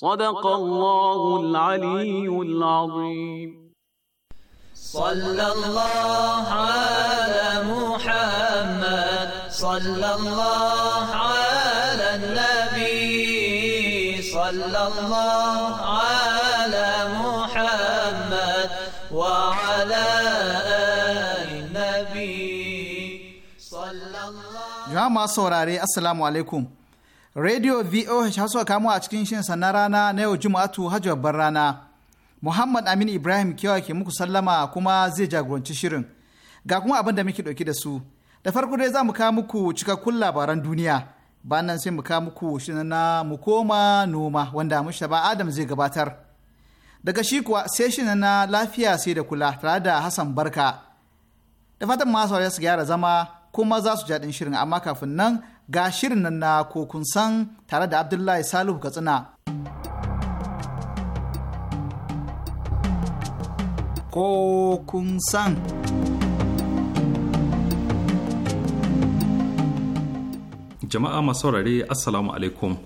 صدق الله العلي العظيم صلى الله على محمد صلى الله على النبي صلى الله على محمد وعلى آل النبي صلى الله ما سوراري السلام عليكم Radio VOH haso kamo a cikin shin sannan rana na yau Juma'atu Hajji babbar rana. Muhammad Amin Ibrahim Kiyawa ke muku sallama kuma zai jagoranci shirin. Ga kuma abin da muke ɗauki da su. Da farko dai za mu kawo muku cikakkun labaran duniya. Ba nan sai mu kawo muku shin na mu koma noma wanda Mustapha Adam zai gabatar. Daga shi kuwa sai shin na lafiya sai da kula tare da Hassan Barka. Da fatan masu su gyara zama kuma za su jaɗin shirin amma kafin nan ga shirin nan na kokun san tare da Abdullahi Salihu Katsina. Kokun san. Jama'a masu saurare Assalamu alaikum.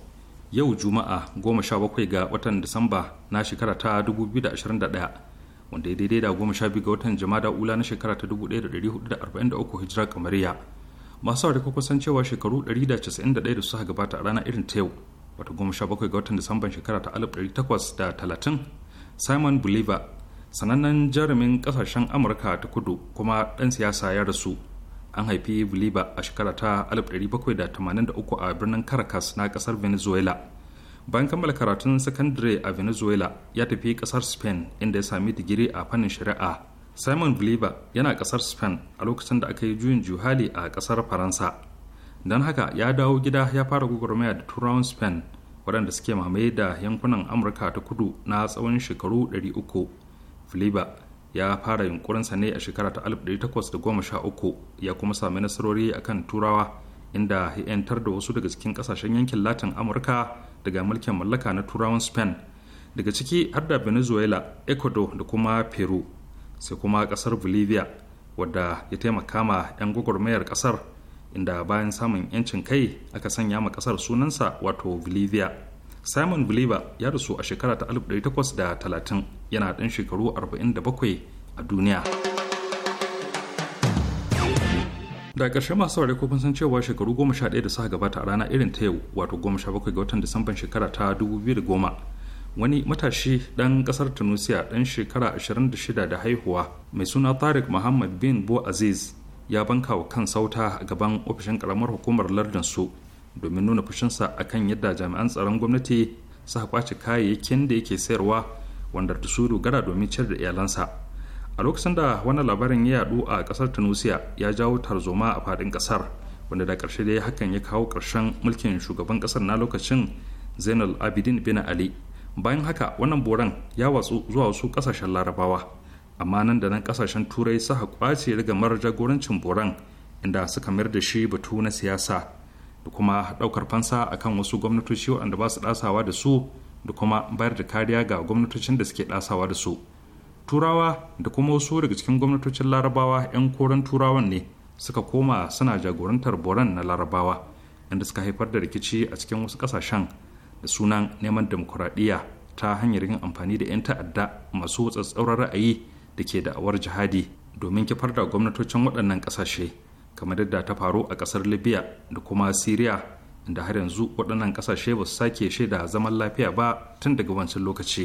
Yau Juma'a goma sha bakwai ga watan Disamba na shekara ta 2021 wanda ya daidai da goma sha biyu ga watan Jama'a ula na shekara ta 1443 hijira kamariya. masu aure ko kusan cewa shekaru 191 da suka gabata a ranar irin ta yau wata 17 ga watan disamban shekara ta 1830 simon bolivar sanannen jarumin kasashen amurka ta kudu kuma ɗan siyasa ya rasu an haifi bolivar a shekara ta 1783 a birnin caracas na kasar venezuela bayan kammala karatun sakandare a venezuela ya tafi kasar spain inda ya sami digiri a fannin shari'a simon bolivar yana kasar spain a lokacin da aka yi juyin juhali a kasar faransa don haka ya dawo gida ya fara gwagwarmaya da turawan spain waɗanda suke mamaye da yankunan amurka ta kudu na tsawon shekaru 300 bolivar ya fara yunkurinsa ne a shekara ta 1813 ya kuma sami nasarori a kan turawa inda ya 'yantar da wasu daga cikin kasashen yankin latin amurka daga mulkin mallaka na turawan spain daga ciki har da venezuela ecuador da kuma peru sai kuma kasar bolivia wadda ya taimaka ma 'yan gwagwarmayar kasar inda bayan samun 'yancin kai aka sanya ma kasar sunansa wato bolivia simon bolivia ya rasu a shekara ta 1830 yana ɗan shekaru 47 a duniya da ƙarshe masu saurari ko san cewa shekaru 11 da suka gabata a rana irin ta yau wato 17 ga watan disamban shekara ta 2010 wani matashi ɗan ƙasar tunisia ɗan shekara 26 da haihuwa mai suna tariq muhammad bin bo aziz ya banka wa kan sauta a gaban ofishin ƙaramar hukumar lardin su domin nuna fushinsa a kan yadda jami'an tsaron gwamnati suka kwace kayayyakin da yake sayarwa wanda da su dogara domin ciyar da iyalansa a lokacin da wannan labarin ya yadu a ƙasar tunisia ya jawo tarzoma a fadin ƙasar wanda da ƙarshe dai hakan ya kawo ƙarshen mulkin shugaban ƙasar na lokacin zainal abidin bin ali bayan haka wannan boran ya watsu zuwa wasu kasashen larabawa amma nan da nan kasashen turai suka kwace daga mara jagorancin boran inda suka mayar da shi batu na siyasa da kuma daukar fansa akan wasu gwamnatoci waɗanda ba su dasawa da su da kuma bayar da kariya ga gwamnatocin da suke dasawa da su turawa da kuma wasu daga cikin gwamnatocin larabawa 'yan koren turawan ne suka koma suna jagorantar boran na larabawa inda suka haifar da rikici a cikin wasu kasashen da sunan neman demokuraɗiyya ta hanyar yin amfani da 'yan ta'adda masu tsatsauran ra'ayi da ke da'awar jihadi domin kifar da gwamnatocin waɗannan ƙasashe kamar yadda ta faru a ƙasar libya da kuma syria da har yanzu waɗannan ƙasashe ba su sake shaida zaman lafiya ba tun daga wancan lokaci.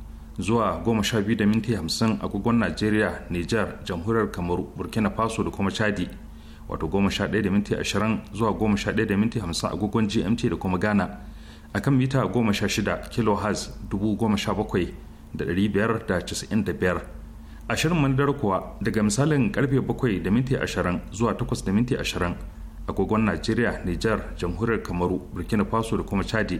zuwa goma sha biyu da minti hamsin agogon najeriya niger jamhuriyar kamaru burkina faso da kuma chadi wato 11:20 sha ɗaya da minti zuwa goma sha ɗaya agogon gmt da kuma ghana a kan mita goma sha shida A dubu goma sha bakwai da ɗari biyar da da biyar ashirin kuwa daga misalin karfe bakwai da minti ashirin zuwa takwas da minti ashirin agogon najeriya niger jamhuriyar kamaru burkina faso da kuma chadi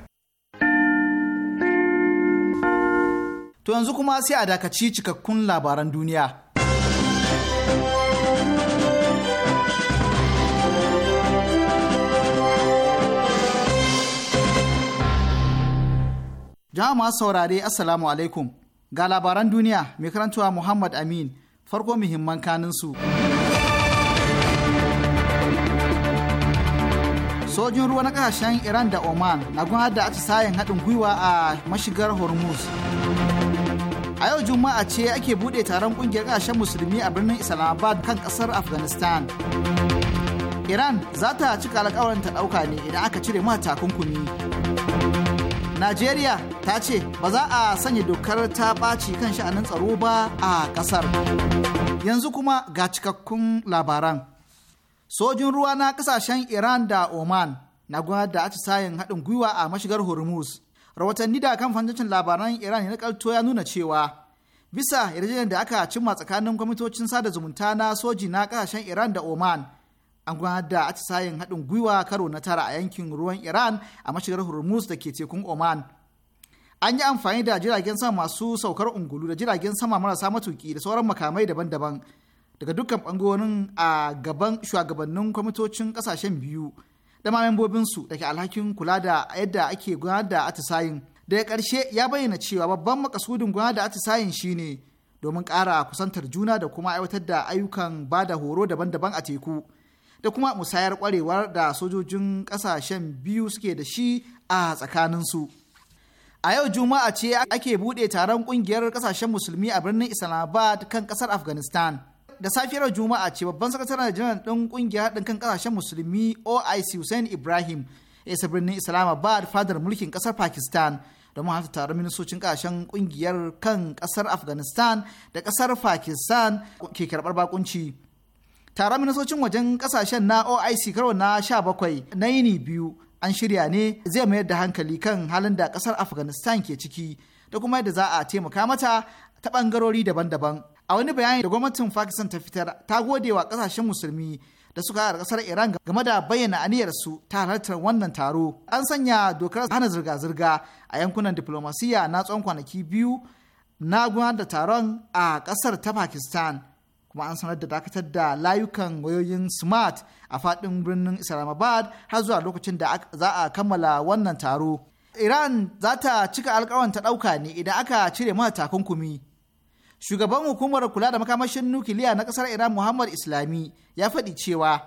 To yanzu kuma sai a dakaci cikakkun labaran duniya. Jama'a masu saurare Assalamu alaikum ga labaran duniya mai karantawa Muhammad Amin farko muhimman kanin Sojin ruwa na kasashen Iran da Oman na gwamnati da atisayen haɗin gwiwa a mashigar Hormuz. a yau juma'a ce ake buɗe taron ƙungiyar ƙasashen musulmi a birnin islamabad kan ƙasar afghanistan iran za ta cika alƙawarin ta ɗauka ne idan aka cire mata takunkumi najeriya ta ce ba za a sanya dokar ta ɓaci kan sha'anin tsaro ba a ƙasar yanzu kuma ga cikakkun labaran sojin ruwa na ƙasashen iran da oman na gudanar da atisayen haɗin gwiwa a mashigar hormuz rahotanni da kan fantancin labaran iran na kalto ya nuna cewa bisa yarjejeniyar da aka cimma tsakanin kwamitocin sada zumunta na soji na kasashen iran da oman an gudanar da atisayen haɗin gwiwa karo na tara a yankin ruwan iran a mashigar hormuz da ke tekun oman an yi amfani da jiragen sama masu saukar ungulu da jiragen sama marasa matuki da sauran makamai daban-daban daga dukkan bangonin a gaban shugabannin kwamitocin kasashen biyu da ma membobinsu da ke alhakin kula da yadda ake gudanar da atisayin ya ƙarshe ya bayyana cewa babban makasudin gudanar da atisayin shine domin ƙara kusantar juna da kuma aiwatar da ayyukan ba da horo daban-daban a teku da kuma musayar kwarewar da sojojin ƙasashen biyu suke da shi a tsakaninsu. A yau Juma'a ce ake buɗe taron ƙungiyar ƙasashen musulmi a birnin Islamabad kan ƙasar Afghanistan. da safiyar juma'a ce babban sakataren janar ɗin ƙungiyar haɗin kan ƙasashen musulmi oic hussein ibrahim ya isa birnin islamabad fadar mulkin ƙasar pakistan domin hata taron ministocin ƙasashen ƙungiyar kan ƙasar afghanistan da ƙasar pakistan ke karɓar bakunci taron ministocin wajen ƙasashen na oic karo na sha na yini biyu an shirya ne zai mayar da hankali kan halin da ƙasar afghanistan ke ciki da kuma yadda za a taimaka mata ta ɓangarori daban-daban a wani bayani da gwamnatin pakistan ta fitar ta gode wa kasashen musulmi da suka a kasar iran game da bayyana aniyarsu ta halartar wannan taro an sanya dokar hana zirga-zirga a yankunan diplomasiya na tsawon kwanaki biyu na gudanar da taron a kasar ta pakistan kuma an sanar da dakatar da layukan wayoyin smart a faɗin birnin islamabad har zuwa lokacin da za a kammala wannan taro iran za ta cika alkawarin ta ɗauka ne idan aka cire mata takunkumi Shugaban hukumar kula da makamashin nukiliya na ƙasar Iran Muhammad Islami ya faɗi cewa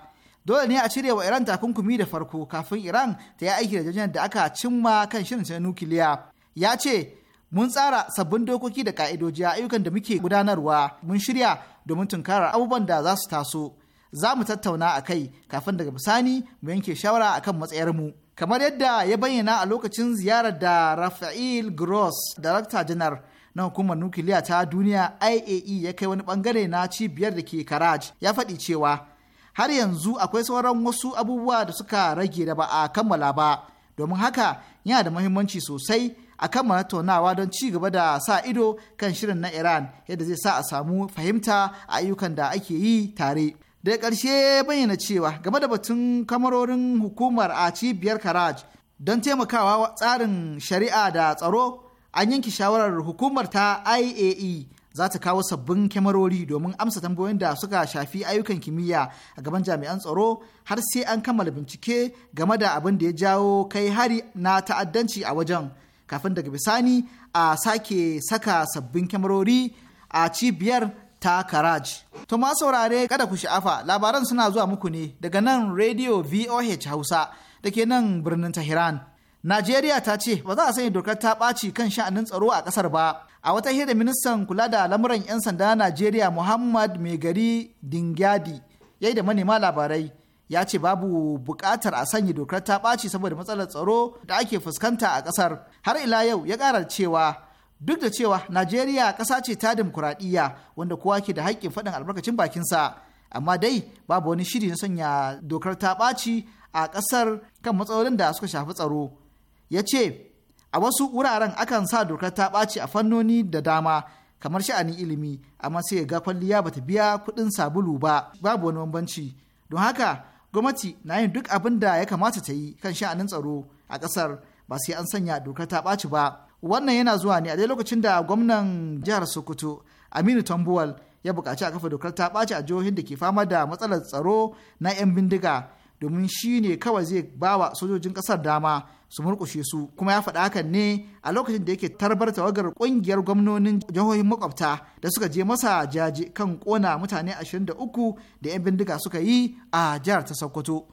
dole ne a cire wa Iran takunkumi da farko kafin Iran ta yi aiki da jajen da aka cimma kan shirin nukiliya. Ya ce, mun tsara sabbin dokoki da ka'idoji a ayyukan da muke gudanarwa mun shirya domin tunkarar abubuwan da za su taso. Za mu tattauna a kai kafin daga bisani mu yanke shawara a kan matsayarmu. Kamar yadda ya bayyana a lokacin ziyarar da Rafael Gross, Darakta Janar na hukumar nukiliya ta duniya IAE ya kai wani bangare na cibiyar da ke Karaj ya faɗi cewa har yanzu akwai sauran wasu abubuwa da suka rage da ba a kammala ba domin haka yana da muhimmanci sosai a kan tonawa don ci gaba da sa ido kan shirin na Iran yadda zai sa a samu fahimta a ayyukan da ake yi tare. Daga ƙarshe bayyana cewa game da batun kamarorin hukumar a cibiyar Karaj don taimakawa tsarin shari'a da tsaro an yanke shawarar hukumar ta iae za ta kawo sabbin kyamarori domin amsa tambayoyin da suka shafi ayyukan kimiyya a gaban jami'an tsaro har sai an kammala bincike game da abin da ya jawo kai hari na ta'addanci a wajen kafin daga bisani a sake saka sabbin kyamarori a cibiyar ta karaj to ma saurare kada ku sha'afa labaran suna zuwa muku ne daga nan radio voh hausa da ke nan birnin tehran Najeriya ta ce ba za a sanya dokar ta ɓaci kan sha'anin tsaro a ƙasar ba. A wata hira ministan kula da lamuran 'yan sanda Najeriya Muhammad Megari Dingyadi ya yi da manema labarai ya ce babu buƙatar a sanya dokar ta ɓaci saboda matsalar tsaro da ake fuskanta a ƙasar. Har ila yau ya ƙara cewa duk da cewa Najeriya ƙasa ce ta dimokuraɗiyya wanda kowa ke da haƙƙin faɗin albarkacin bakinsa. Amma dai babu wani shiri na sanya dokar ta ɓaci a ƙasar kan matsalolin da suka shafi tsaro. ya ce a wasu wuraren akan sa dokar ta ɓaci a fannoni da dama kamar sha'anin ilimi amma sai ga kwalliya bata biya kuɗin sabulu ba babu wani bambanci don haka gwamnati na yin duk abin da ya kamata ta yi kan sha'anin tsaro a ƙasar ba sai an sanya dokar ta ɓaci ba wannan yana zuwa ne a dai lokacin da gwamnan jihar sokoto aminu tambuwal ya buƙaci a kafa dokar ta ɓaci a jihohin da ke fama da matsalar tsaro na 'yan bindiga domin shi ne kawai zai bawa sojojin kasar dama su murƙushe su kuma ya faɗa hakan ne a lokacin da yake tarbar tawagar ƙungiyar gwamnonin jihohin makwabta da suka je masa jaji kan kona mutane 23 da 'yan bindiga suka yi a jihar ta Sokoto.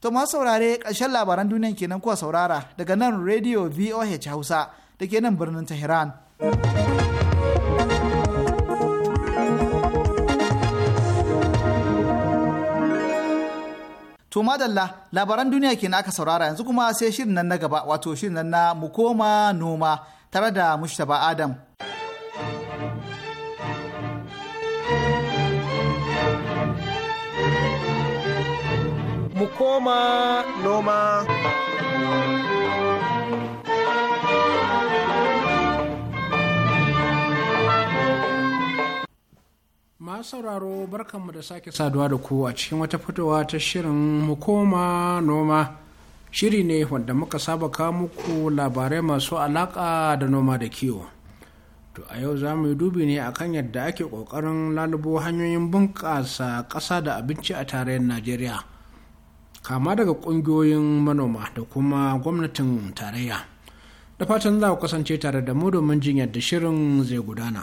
To masu saurare ƙarshen labaran duniyan kenan kuwa saurara daga nan Radio VOH Hausa da ke nan birnin Tehran. To madalla labaran duniya ke aka saurara yanzu kuma sai shirin nan na gaba wato shirin nan na mukoma noma tare da Mushtaba Adam. Mukoma noma. masu sauraro barkanmu da sake saduwa da ku a cikin wata fitowa ta shirin hukuma noma shiri ne wanda muka saba kawo muku labarai masu alaka da noma da kiwo to a yau za mu yi dubi ne akan yadda ake kokarin lalubo hanyoyin bunƙasa ƙasa da abinci a tarayyar najeriya kama daga ƙungiyoyin manoma da kuma gwamnatin tarayya da fatan za ku kasance tare da mu domin jin yadda shirin zai gudana.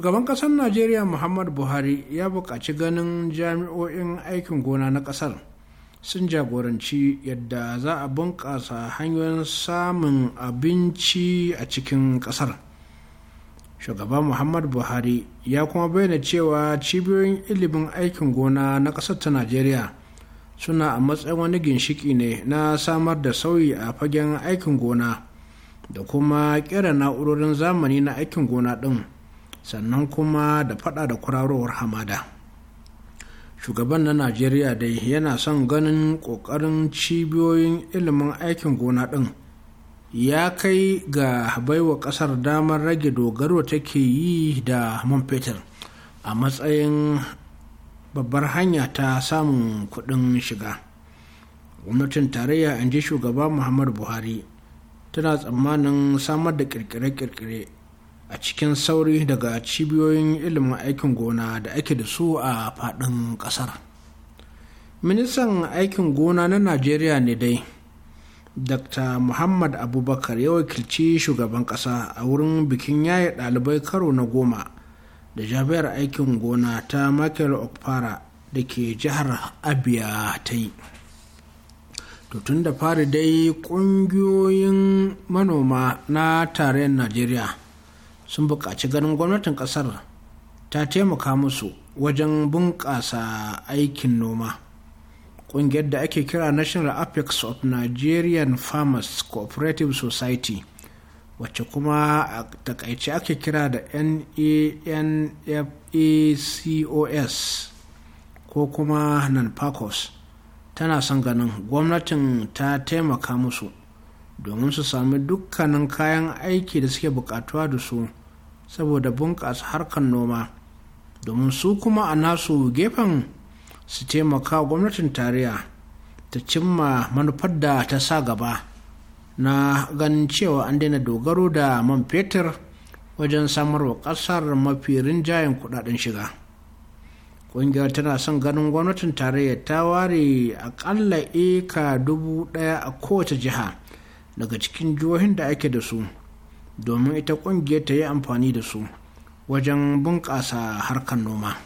shugaban ƙasar najeriya muhammad buhari ya buƙaci ganin jami'o'in aikin gona na ƙasar sun jagoranci yadda za a bunƙasa hanyoyin samun abinci a cikin ƙasar shugaba muhammad buhari ya kuma bayyana cewa cibiyoyin ilimin aikin gona na ƙasar ta najeriya suna a matsayin wani ginshiki ne na samar da sauyi a fagen aikin gona da kuma ƙera na'urorin zamani na aikin gona ɗin. sannan kuma da fada da kurarowar hamada shugaban na najeriya dai yana son ganin ƙoƙarin cibiyoyin ilimin aikin gona ɗin ya kai ga baiwa ƙasar damar rage dogaro take yi da man fetur a matsayin babbar hanya ta samun kuɗin shiga gwamnatin tarayya in ji shugaba muhammadu buhari tana tsammanin samar da kirkire-kirkire a cikin sauri daga cibiyoyin ilimin aikin gona da ake da su a faɗin ƙasar ministan aikin gona na najeriya ne dai dr muhammad abubakar ya wakilci shugaban ƙasa a wurin bikin yaye ɗalibai karo na goma da jami'ar aikin gona ta michael okpara da ke jihar abia ta yi tun da fari dai ƙungiyoyin manoma na tarayyar najeriya sun buƙaci ganin gwamnatin ƙasar ta taimaka musu wajen bunƙasa aikin noma ƙungiyar da ake kira national apex of nigerian farmers cooperative society wacce kuma a takaice ake kira da nanfacos ko kuma nanfacos tana son ganin gwamnatin ta taimaka musu domin su sami dukkanin kayan aiki da suke bukatuwa da su saboda bunƙasa harkar noma domin su kuma a nasu gefen su taimaka gwamnatin tarayya ta cimma manufar da ta sa gaba na ganin cewa an daina dogaro da man fetur wajen samarwa ƙasar mafi rinjayen kudaden shiga ƙungiyar tana son ganin gwamnatin tarayya ta ware aƙalla eka dubu ɗaya a kowace jiha daga cikin jihohin da ake da su domin ita ƙungiyar ta yi amfani da su wajen bunƙasa harkar noma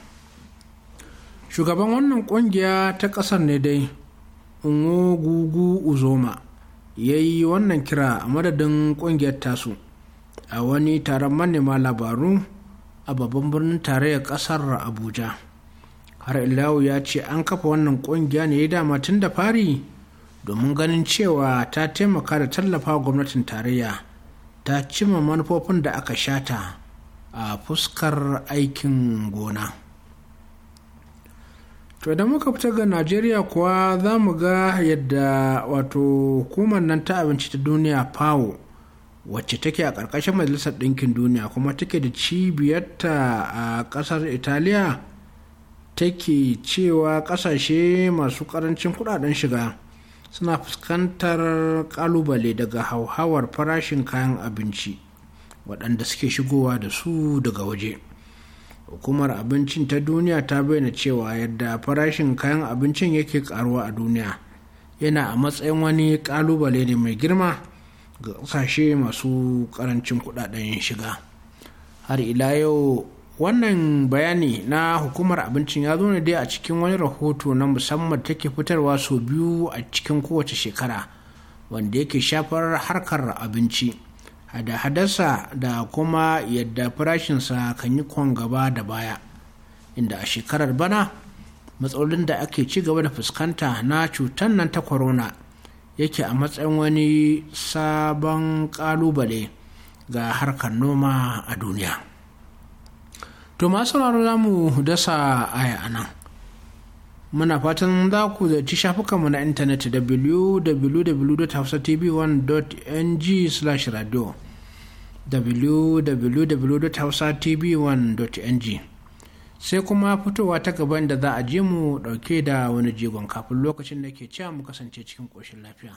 shugaban wannan ƙungiya ta ƙasar ne dai gugu uzoma ya yi wannan kira a madadin ƙungiyar tasu a wani taron manema labaru a babban birnin tarayyar ƙasar abuja har ilawu ya ce an kafa wannan ƙungiya ne ya dama tun da fari domin ganin cewa ta taimaka da tallafa gwamnatin tarayya ta cima manufofin da aka shata a fuskar aikin gona to da muka fita ga najeriya kuwa za mu ga yadda wato hukumar nan ta abinci ta duniya fawo wacce take a ƙarƙashin majalisar ɗinkin duniya kuma take da cibiyarta a ƙasar italiya take cewa ƙasashe masu ƙarancin kuɗaɗen shiga suna fuskantar kalubale daga hauhawar farashin kayan abinci waɗanda suke shigowa da su daga waje hukumar abincin ta duniya ta bayyana cewa yadda farashin kayan abincin yake karuwa a duniya yana a matsayin wani kalubale ne mai girma ga ƙasashe masu ƙarancin kuɗaɗen shiga har ila yau wannan bayani na hukumar abincin ya zo ne dai a cikin wani rahoto na musamman take fitarwa sau biyu a cikin kowace shekara wanda yake shafar harkar abinci da hadasa da kuma yadda farashinsa kan yi kwan gaba da baya inda a shekarar bana matsalolin da ake ci gaba da fuskanta na cutar nan ta corona yake a matsayin wani sabon kalubale ga harkar noma a duniya. To masu za mu dasa aya a nan. Muna fatan za ku zaci shafukanmu na intanet www.hausatv1.ng/radio www.hausatv1.ng sai kuma fitowa ta gaban da za a je mu dauke da wani jigon kafin lokacin da ke cewa mu kasance cikin koshin lafiya.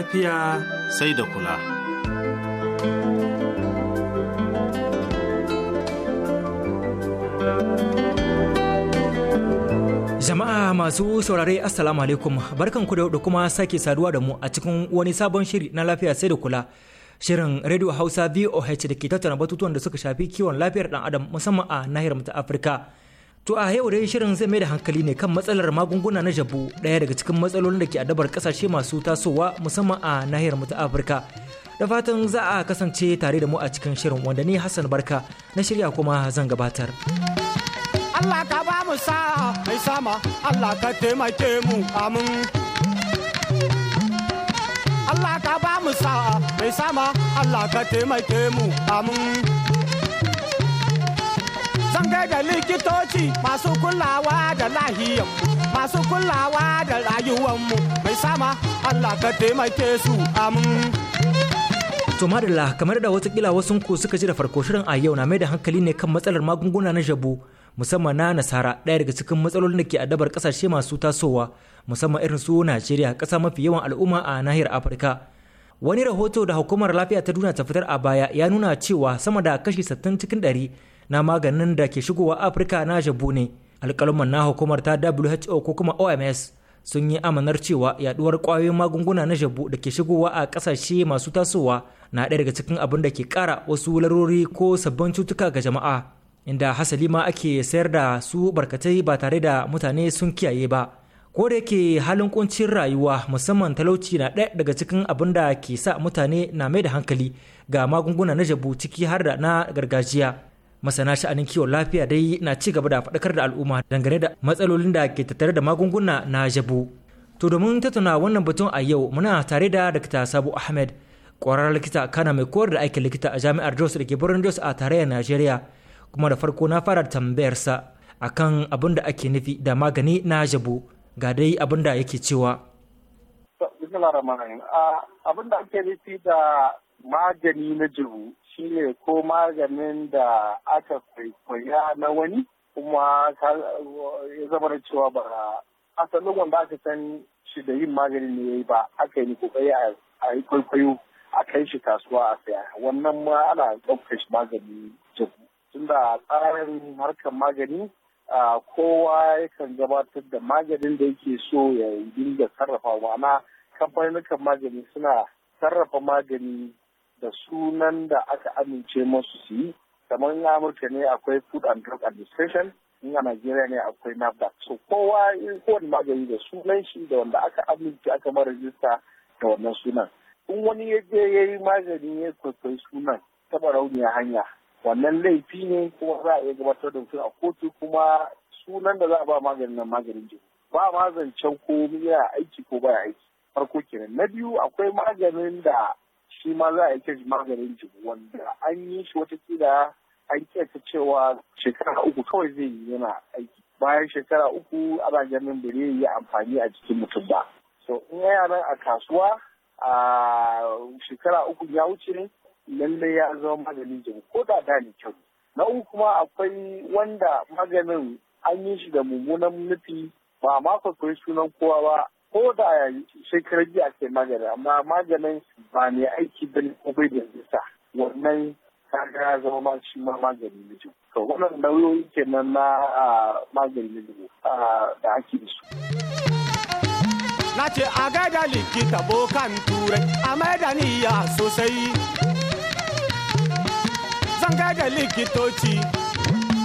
lafiya sai da kula. Jama'a masu saurare Assalamu alaikum ku da kuma sake saduwa da mu a cikin wani sabon shiri na lafiya sai da kula. Shirin Radio Hausa VOH da ke tattauna batutuwan da suka shafi kiwon lafiyar dan adam musamman a nahiyar mu ta Afirka. To a yau dai shirin zai mai da hankali ne kan matsalar magunguna na jabu ɗaya daga cikin matsalolin da ke adabar ƙasashe masu tasowa musamman a nahiyar mu ta Afirka. Da fatan za a kasance tare da mu a cikin shirin wanda ni Hassan Barka na shirya kuma zan gabatar. Allah ka ba mu sa mai sama Allah ka taimake mu amin. Allah ka ba mu sa mai sama Allah ka taimake mu amin. mun gaida likitoci masu kulawa da lahiyar masu kulawa da rayuwanmu mai sama Allah ka taimake su amin. To madalla kamar da watakila wasu ku suka ji da farko shirin a yau na mai da hankali ne kan matsalar magunguna na jabu musamman na nasara ɗaya daga cikin matsalolin da ke adabar kasashe masu tasowa musamman irin su Najeriya ƙasa mafi yawan al'umma a nahiyar Afirka. Wani rahoto da hukumar lafiya ta duniya ta fitar a baya ya nuna cewa sama da kashi 60 cikin ɗari. na maganin da ke shigowa afirka na jabu ne alƙalman na hukumar ta who ko kuma oms sun yi amanar cewa yaduwar kwayoyin magunguna na jabu da ke shigowa a kasashe masu tasowa na ɗaya daga cikin abin da ke ƙara wasu larori ko sabbin cutuka ga jama'a inda hasali ma ake sayar da su barkatai ba tare da mutane sun kiyaye ba ko da yake halin kuncin rayuwa musamman talauci na ɗaya daga cikin abin da ke sa mutane na mai da hankali ga magunguna na jabu ciki har da na gargajiya masana sha'anin kiwon lafiya dai na ci gaba da faɗakar da al'umma dangane da matsalolin da ke tattare da magunguna na jabu to domin tattauna wannan batun a yau muna tare da dr. sabu ahmed ƙwararren likita kana mai koyar da aikin likita a jami'ar jos da ke birnin jos a tarayyar najeriya kuma da farko na fara tambayarsa akan abin da ake nufi da magani na jabu ga dai abin da yake cewa ah, abin da ake nufi da magani na jabu ne ko maganin da aka kwaikwaya na wani kuma ya zama da cewa ba asalin wanda aka san shi da yin magani ne ya yi ba aka yi kokari a yi kwaikwayo a kai shi kasuwa a saya wannan ma ana ɗaukar shi magani jabu tunda tsarin harkar magani kowa yakan gabatar da maganin da yake so ya dinga sarrafa ma'ana kamfanin magani suna sarrafa magani da sunan da aka amince masu su yi kamar in amurka ne akwai food and drug administration in a Najeriya ne akwai nafda So kowa in kowane magani da sunan shi da wanda aka amince aka mara rajista da wannan sunan. In wani ya je ya yi magani ya kwaikwayi sunan ta barauniya hanya. Wannan laifi ne kuma za a iya gabatar da mutum a kotu kuma sunan da za a ba maganin nan maganin jini. Ba ma zancen ko yana aiki ko baya aiki. Farko kenan. Na biyu akwai maganin da shi ma za a yi maganin jibu wanda an yi shi watakila an kyanta cewa shekara uku kawai zai yi yana aiki bayan shekara uku ana ganin ba zai yi amfani a jikin mutum ba so in yana a kasuwa a shekara uku ya wuce ne lallai ya zama maganin jibu ko da da ne kyau na uku kuma akwai wanda maganin an yi shi da mummunan nufi ba ma kwakwai sunan kowa ba ko da shekarar jiya ke magani amma maganin ba ne aiki bin kuma da nisa wannan kaga ya zama ma shi ma maganin mijin to wannan nauyoyi kenan na maganin mijin da ake da su. Na ce a gaida likita bokan turai a ni ya sosai. Zan gaida likitoci,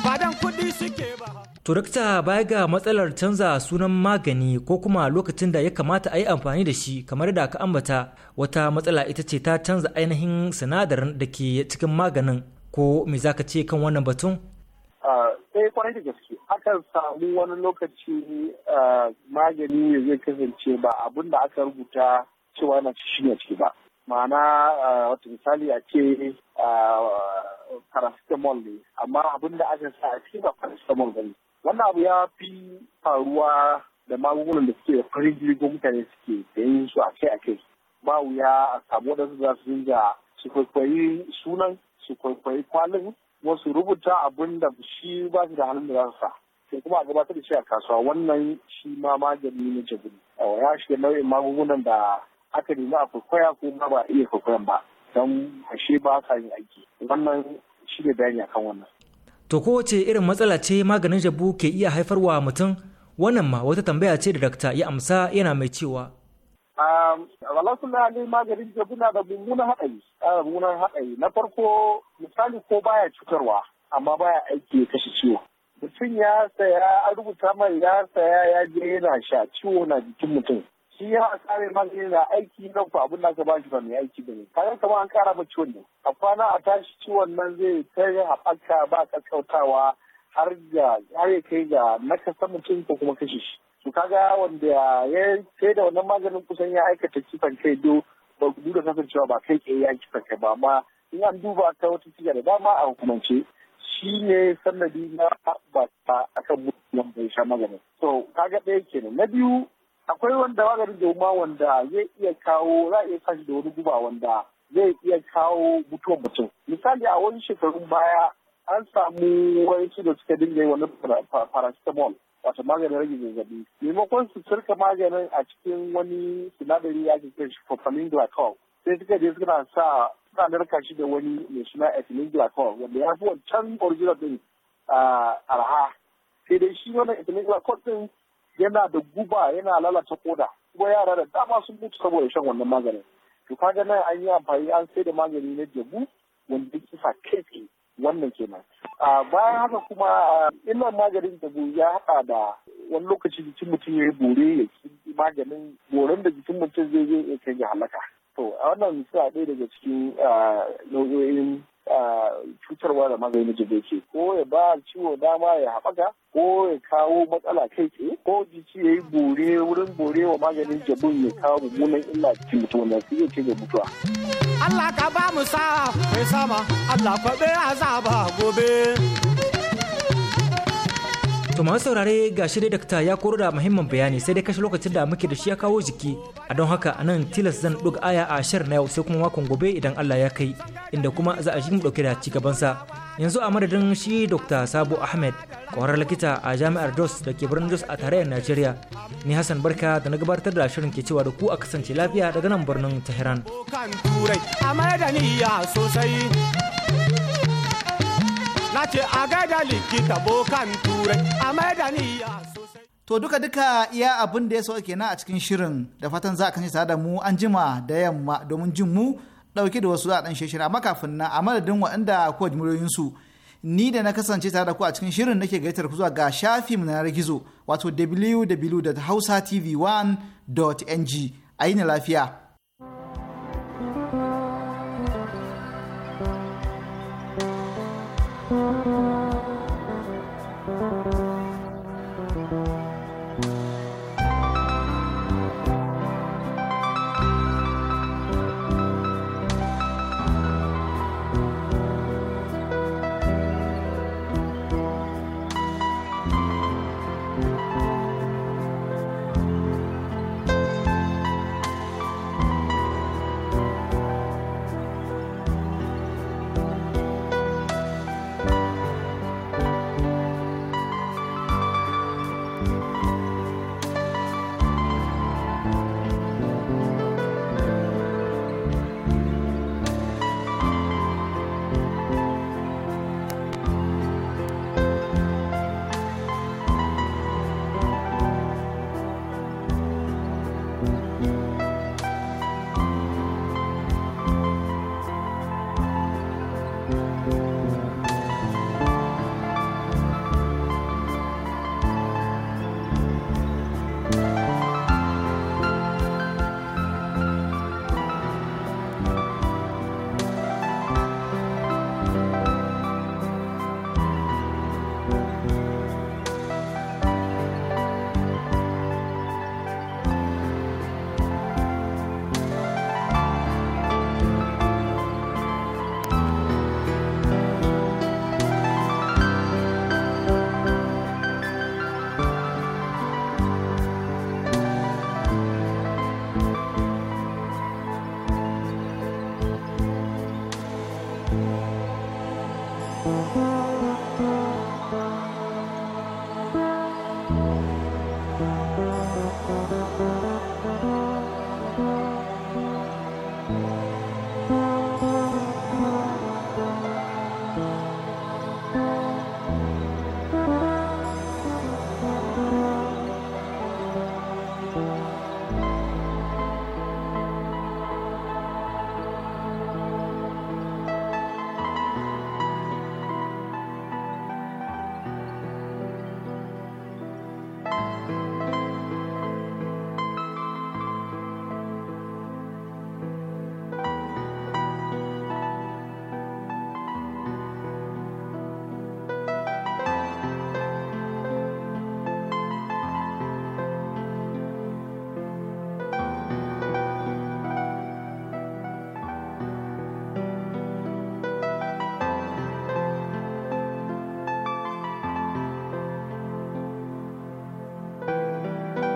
ba dan kuɗi suke ba. turakta baya ga matsalar canza sunan magani ko kuma lokacin da ya kamata a yi amfani da shi kamar da aka ambata wata matsala ita ce ta canza ainihin sinadarin da ke cikin maganin ko me zaka ce kan wannan batun? sai eh, kwarai da gaske akan samu wani lokaci magani ya zai kasance ba abin da aka rubuta cewa na ci ne ciki ba ma'ana wata misali a ce paracetamol ne amma abin da aka sa a ciki ba paracetamol ba ne wannan abu ya fi faruwa da magungunan da suke farin jirgin mutane suke da yin su a kai a kai ba wuya a samu waɗansu za su dinga su kwaikwayi sunan su kwaikwayi kwalin wasu rubuta abin da shi ba su da halin da za su sa sai kuma a gabatar da shi a kasuwa wannan shi ma magani na jabiri ya shiga nau'in magungunan da aka nemi a kwaikwaya ko ba ba iya kwaikwayon ba don ashe ba sa yin aiki wannan shi ne bayani akan wannan To kowace irin matsala ce maganin jabu ke iya haifarwa mutum wannan ma wata tambaya ce da dakta ya amsa yana mai cewa. Walasunna ne maganin jabu na da mummunan haɗari. Mummunan haɗari na farko misali ko baya cutarwa amma baya aiki ya kashe ciwo. Mutum ya saya an rubuta mai ya saya ya je yana sha ciwo na jikin mutum. shi ya a kare masa yana aiki na fa abin nasa ba shi ba mai aiki ba ne kayan kama an kara mai ciwon ne a kwana a tashi ciwon nan zai kai haɓaka ba kakkautawa har ga har ya kai ga na nakasa mutum ko kuma kashe shi to kaga wanda ya kai da wannan maganin kusan ya aikata kifan kai do ba ku duka kasancewa ba kai ke ya kifan kai ba amma in an duba ta wata ciga da dama a hukumance shi ne sanadi na ba akan mutum ya sha maganin so kaga ɗaya kenan na biyu akwai wanda maganin dauma wanda zai iya kawo za a iya sashi da wani guba wanda zai iya kawo mutuwar mutum misali a wani shekarun baya an samu wani da suka dinga yi wani paracetamol wato maganin rage zazzabi maimakon su cirka maganin a cikin wani sinadari ya ke kai shi propylene glycol sai suka je suna sa suna narka shi da wani mai suna ethylene glycol wanda ya fi wancan original din ah, arha sai dai shi wannan ethylene glycol din yana da guba yana lalata koda kuma yara da dama sun mutu saboda shan wannan maganin to kaga nan an yi amfani an sai da magani na jabu wanda kisa kai wannan kenan a bayan haka kuma illan maganin jabu ya haɗa da wani lokaci jikin mutum ya yi bore ya maganin boren da jikin mutum zai zai ya kai ga halaka to a wannan suna ɗaya daga cikin nau'o'in cutarwa da magani da ke ko ya ba ciwo dama ya haɓaka ko ya kawo matsala kai tsaye ko jiki ya yi bore wurin bore wa maganin jabin ya kawo mummunan illa cikin mutum na su iya cikin mutuwa. Allah ka ba mu sa mai sama Allah kwaɓe azaba gobe. To masu saurare ga shi da dakta ya koro da muhimmin bayani sai dai kashe lokacin da muke da shi ya kawo jiki a don haka a nan tilas zan ɗuga aya a shar na yau sai kuma makon gobe idan Allah ya kai inda kuma za a shi mu ɗauke da cigabansa. Yanzu a madadin shi Dr. Sabo Ahmed kwarar likita a jami'ar Jos da ke birnin Jos a tarayyar Najeriya. Ni Hassan Barka da na gabatar da shirin ke cewa da ku a kasance lafiya daga nan birnin Tehran. na ce a gaida likita bokan turai a maida niyya To duka duka iya abin da ya so kenan a cikin shirin da fatan za a kasance tare da mu an jima da yamma domin jin mu dauke da wasu za a dan shirin amma kafin nan a madadin waɗanda ko jimiroyin su ni da na kasance tare da ku a cikin shirin nake gaitar ku zuwa ga shafi mu na gizo wato www.hausatv1.ng a yi na lafiya. Thank you.